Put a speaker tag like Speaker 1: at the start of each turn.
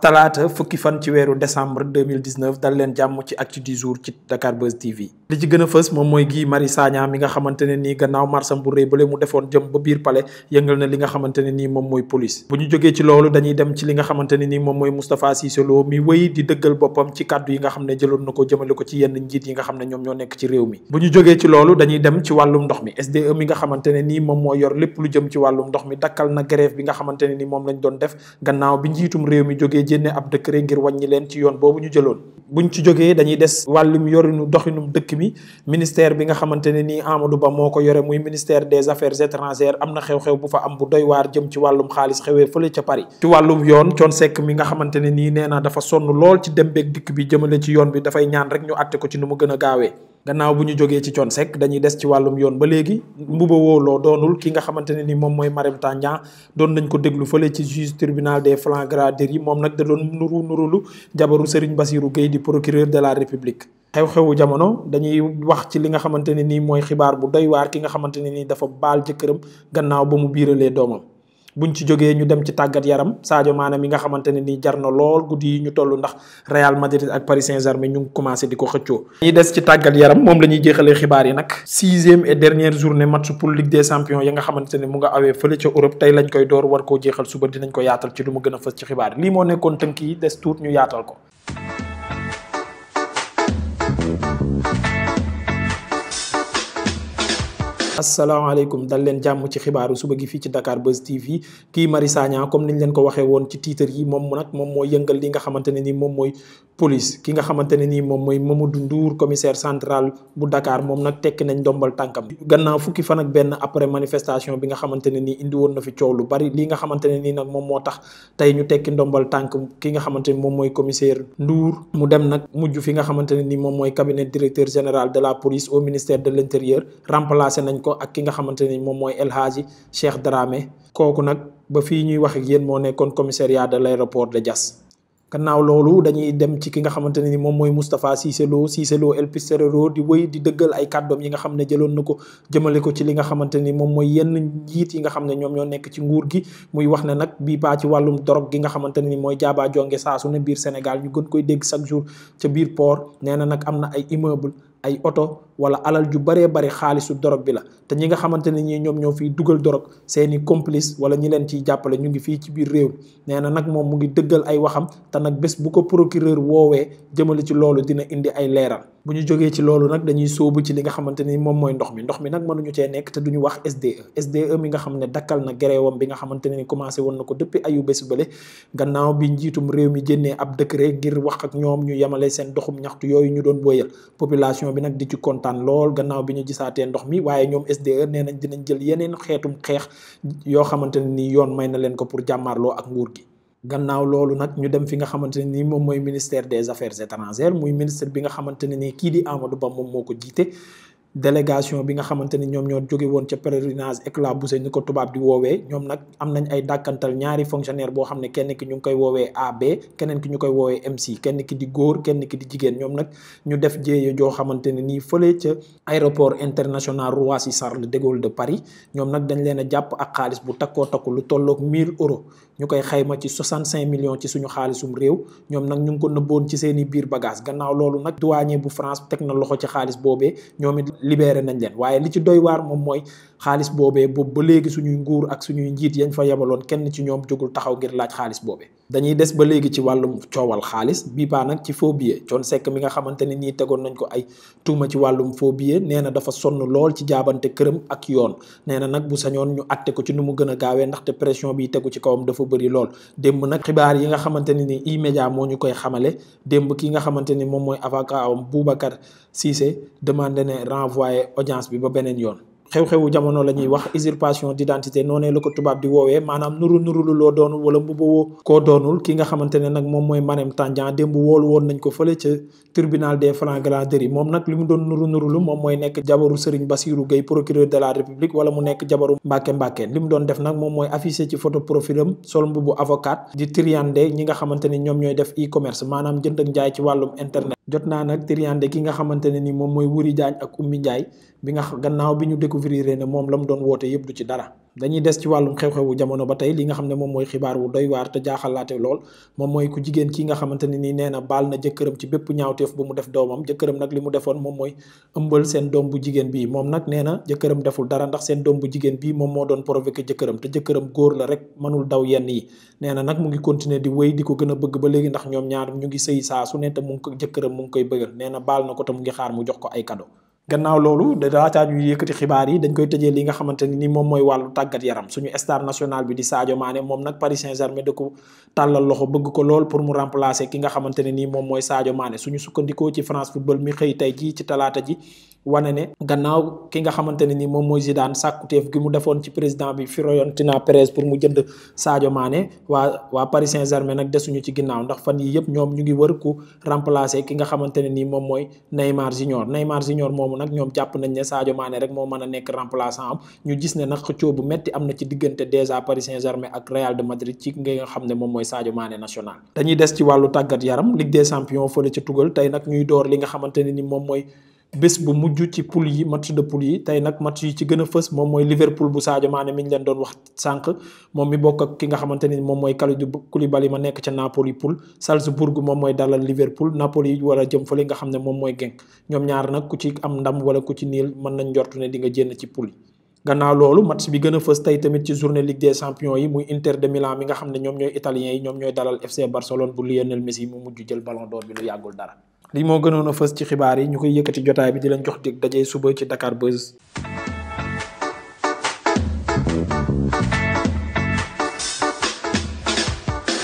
Speaker 1: talaata fukki fan ci weeru décembre 2019 dal leen jàmm ci actu du jour ci Dakar Buzz TV li ci gën a fës moom mooy Guy Marius Sagna mi nga xamante ne nii gannaaw marsam bu rëy bale mu defoon jëm ba biir pale yëngal na li nga xamante ne nii moom mooy police bu ñu jógee ci loolu dañuy dem ci li nga xamante ne nii moom mooy Moustapha mi wéy di dëggal boppam ci kàddu yi nga xam ne jëloon na ko jëmale ko ci yenn njiit yi nga xam ne ñoom ñoo nekk ci réew mi bu ñu jógee ci loolu dañuy dem ci wàllum ndox mi SDE mi nga xamante ne nii moom moo yor lépp lu jëm ci wàllum ndox mi dakkal na grève bi nga xamante ne nii moom lañ doon def gannaaw bi njiitum réew mi jógee dafay génne ab décret ngir wàññi leen ci yoon boobu ñu jëloon buñ ci jógee dañuy des wàllum yorinu doxinum dëkk mi ministère bi nga xamante ne nii Amadou Ba moo ko yore muy ministère des affaires étrangères am na xew-xew bu fa am bu doy waar jëm ci wàllum xaalis xewee fële ca Paris ci wàllum yoon Thione Seck mi nga xamante ne nii nee na dafa sonn lool ci dem beeg dikk bi jëmale ci yoon bi dafay ñaan rek ñu àtte ko ci nu mu gën a gaawee gannaaw bu ñu jógee ci Thione Seck dañuy des ci wàllum yoon ba léegi Mbuba wooloo doonul ki nga xamante ne ni moom mooy Marème Tandian doon nañ ko déglu fële ci juge tribunal des flagrants yi moom nag da doon nuru lu jabaru Serigne basiiru Gueye di procureur de la République xew-xewu jamono dañuy wax ci li nga xamante ne nii mooy xibaar bu doy waar ki nga xamante ne nii dafa baal jëkkëram gannaaw ba mu biiralee doomam bu buñ ci jógee ñu dem ci tàggat yaram Sadio Mané mi nga xamante ne nii jar na lool guddi yi ñu toll ndax Real Madrid ak Paris Saint-Germain ñu ngi di ko xëccoo. ñi des ci tàggat yaram moom la ñuy jeexalee xibaar yi nag. sixième et dernière journée match pour Ligue des champions ya nga xamante ne mu nga awee fële ca Europe tey lañ koy door war koo jeexal suba dinañ ko yaatal ci lu mu gën a fës ci xibaar yi lii moo nekkoon tënk yi des tuut ñu yaatal ko. asalaamaaleykum dal leen jàmm ci xibaaru suba gi fii ci Dakar Buzz TV kii Mari Sagna comme niñ leen ko waxe woon ci titre yi moom nag moom mooy yëngal li nga xamante ne ni moom mooy police ki nga xamante ne nii moom mooy Mamadou Ndour commissaire central bu Dakar moom nag tekki nañ ndombal tànkam gannaaw fukki fan ak benn après manifestation bi nga xamante ne nii indi woon na fi coow lu bari li nga xamante ne nii nag moom moo tax tey ñu tekki ndombal tànk ki nga xamante ne moom mooy commissaire Ndour mu dem nag mujj fi nga xamante ne nii moom mooy cabinet directeur général de la police au ministère de l'intérieur remplacé nañ ko ak ki nga xamante ne moom mooy El Hadji Cheikh Dramé kooku nag ba fii ñuy wax yéen moo nekkoon commissariat de l'aéroport de Diass kannaaw loolu dañuy dem ci ki nga xamante ne ni moom mooy Moustapha Cissé Lo Cissé Lo El Pistolero di wëy di dëggal ay kàddoom yi nga xam ne jëloon na ko jëmale ko ci li nga xamante ni moom mooy yenn njiit yi nga xam ne ñoom ñoo nekk ci nguur gi muy wax ne nag bii baa ci wàllum drogue gi nga xamante ne ni mooy jaabaa jonge saa su ne biir Sénégal ñu gën koy dégg chaque jour ca biir port nee na nag am na ay immeuble ay oto wala alal ju baree bari xaalisu dorog bi la te ñi nga xamante ne ñi ñoom ñoo fiy dugal dorog seeni complice wala ñi leen ciy jàppale ñu ngi fii ci biir réew nee na nag moom mu ngi dëggal ay waxam te nag bés bu ko procureur woowee jëmale ci loolu dina indi ay leeral bu ñu jógee ci loolu nag dañuy soobu ci li nga xamante ni moom mooy ndox mi ndox mi nag mënuñu cee nekk te duñu wax SDE SDE mi nga xam ne dakkal na gréewam bi nga xamante ne ni commencé woon na ko depuis ayu bés bële gannaaw bi njiitum réew mi génnee ab décret ngir wax ak ñoom ñu yemale seen ñaxtu yooyu ñu doon booyal population bi nag di ci kontaan lool gannaaw bi ñu jisaatee ndox mi waaye ñoom SDE nee nañ dinañ jël yeneen xeetum xeex yoo xamante ne nii yoon may na leen ko pour jàmmaarloo ak nguur gi. gannaaw loolu nag ñu dem fi nga xamante ne nii moom mooy ministère des affaires étrangères muy ministre bi nga xamante ne nii kii di Amadou Ba moom moo ko jiite. délégation bi nga xamante ni ñoom ñoo jóge ca pèlerinage éclat Boucher ni ko tubaab di woowee ñoom nag am nañ ay dàkkantal ñaari fonctionnaire boo xam ne kenn ki ñu ngi koy woowee AB keneen ki ñu koy woowee MC kenn ki di góor kenn ki di jigéen ñoom nag ñu def jéeye joo xamante ne nii fële ca aéroport international Roissy Charles de Gaulle de Paris ñoom nag dañ leen a jàpp ak xaalis bu takkoo takku lu tolloog 1000 euros ñu koy xayma ci 65 millions ci suñu xaalisum réew ñoom nag ñu ngi ko nëbboon ci seen biir bagage gannaaw loolu nag douanier bu France teg na loxo ci xaalis boobee ñoom libéré nañ leen waaye li ci doy waar moom mooy xaalis boobee boob ba léegi suñuy nguur ak suñuy njiit yañ fa yebaloon kenn ci ñoom jógul taxaw ngir laaj xaalis boobee dañuy des ba léegi ci wàllum coowal xaalis bii baa nag ci faux billet Thione Seck mi nga xamante ne nii tegoon nañ ko ay tuuma ci wàllum faux billet nee na dafa sonn lool ci jaabante këram ak yoon nee na nag bu sañoon ñu atte ko ci nu mu gën a gaawee ndaxte pression bi tegu ci kawam dafa bari lool démb nag xibaar yi nga xamante ne ni E-Media moo ñu koy xamale démb ki nga xamante ni moom mooy avocat am Boubacar Cissé demandé ne renvoyé audience bi ba beneen yoon xew-xewu jamono la ñuy wax usurpation d'identité noonee la ko tubaab di woowee maanaam nuru nuru loo doonul wala mbubboo koo doonul ki nga xamante ne nag moom mooy Marème Tandian démb woolu woon nañ ko fële ca tribunal des flagranderie moom nag li mu doon nuru nurulu moom mooy nekk jabaru Serigne Bassirou Gueye procureur de la République wala mu nekk jabaru Mbàkke Mbàkke li mu doon def nag moom mooy affiché ci photo profilam sol mbubbu avocat di triande ñi nga xamante ne ñoom ñooy def e-commerce maanaam jënd ak njaay ci wàllum internet jot naa nag triande ki nga xamante ne ni moom mooy Wuri Diagne ak Oumy Ndiaye bi nga gannaaw bi ñu découvrir ne moom la mu doon woote yëpp du ci dara dañuy des ci wàllum xew-xewu jamono ba tey li nga xam ne moom mooy xibaar wu doy waar te jaaxalaate lool moom mooy ku jigéen kii nga xamante ne nii na baal na jëkkëram ci bépp ñaawteef bu mu def doomam jëkkëram nag li mu defoon moom mooy ëmbal seen doom bu jigéen bii moom nag nee na jëkkëram deful dara ndax seen doom bu jigéen bi moom moo doon provoqué jëkkëram te jëkkëram góor la rek mënul daw yenn yi nee na nag mu ngi continuer di wéy di ko gën a bëgg ba léegi ndax ñoom ñaar ñu ngi sëy saa su ne te mu jëkkëram mu ngi koy bëggal na baal na ko te mu ngi xaar mu jox ko ay gannaaw loolu laataa ñuy yëkkati xibaar yi dañ koy tëjee li nga xamante ni moom mooy wàllu tàggat yaram suñu star national bi di Sadio Mané moom nag Paris Saint-Germain da ko tàllal loxo bëgg ko lool pour mu remplacer ki nga xamante ne nii moom mooy Sadio Mané suñu sukkandikoo ci France Football mi xëy tey jii ci talaata ji wane ne gannaaw ki nga xamante ne ni moom mooy Zidane sàkkuteef gi mu defoon ci président bi Fiorentina Perez pour mu jënd Sadio Mané waa waa Paris Saint-Germain nag desuñu ci ginnaaw ndax fan yi yëpp ñoom ñu ngi wër ku remplacer ki nga xamante ne ni moom mooy Neymar Junior Neymar Junior moomu nag ñoom jàpp nañ ne Sadio Mané rek moo mën a nekk remplaçant gis ne nag bu metti am na ci diggante déjà Paris Saint-Germain ak Real de Madrid xam ne moom mooy Sadio Mané national dañuy des ci wàllu tàggat yaram Ligue des champions fële ci tugal tey nag ñuy door li nga xamante ne ni moom mooy bés bu mujj ci poule yi match de poule yi tey nag match yi ci gën a fës moom mooy Liverpool bu Sadio Mané mi leen doon wax sànq moom mi bokk ak ki nga xamante ni moom mooy Kalidou Koulibaly ma nekk ca Napoli poule Salzbourg moom mooy dalal Liverpool Napoli war a jëm fële nga xam ne moom mooy Genk ñoom ñaar nag ku ci am ndam wala ku ci niil mën nañ njortu ne di nga jénn ci poule gannaaw loolu match bi gën a fës tey tamit ci journée Ligue des Champions yi muy de Milan ne ñoom ñooy italiens yi ñoom ñooy dalal FC Barcelone bu Lionel Messi mu mujj jël lii moo gënoon fës ci xibaar yi ñu koy yëkkati jotaay bi di leen jox dig dajee suba ci Dakar Buzz.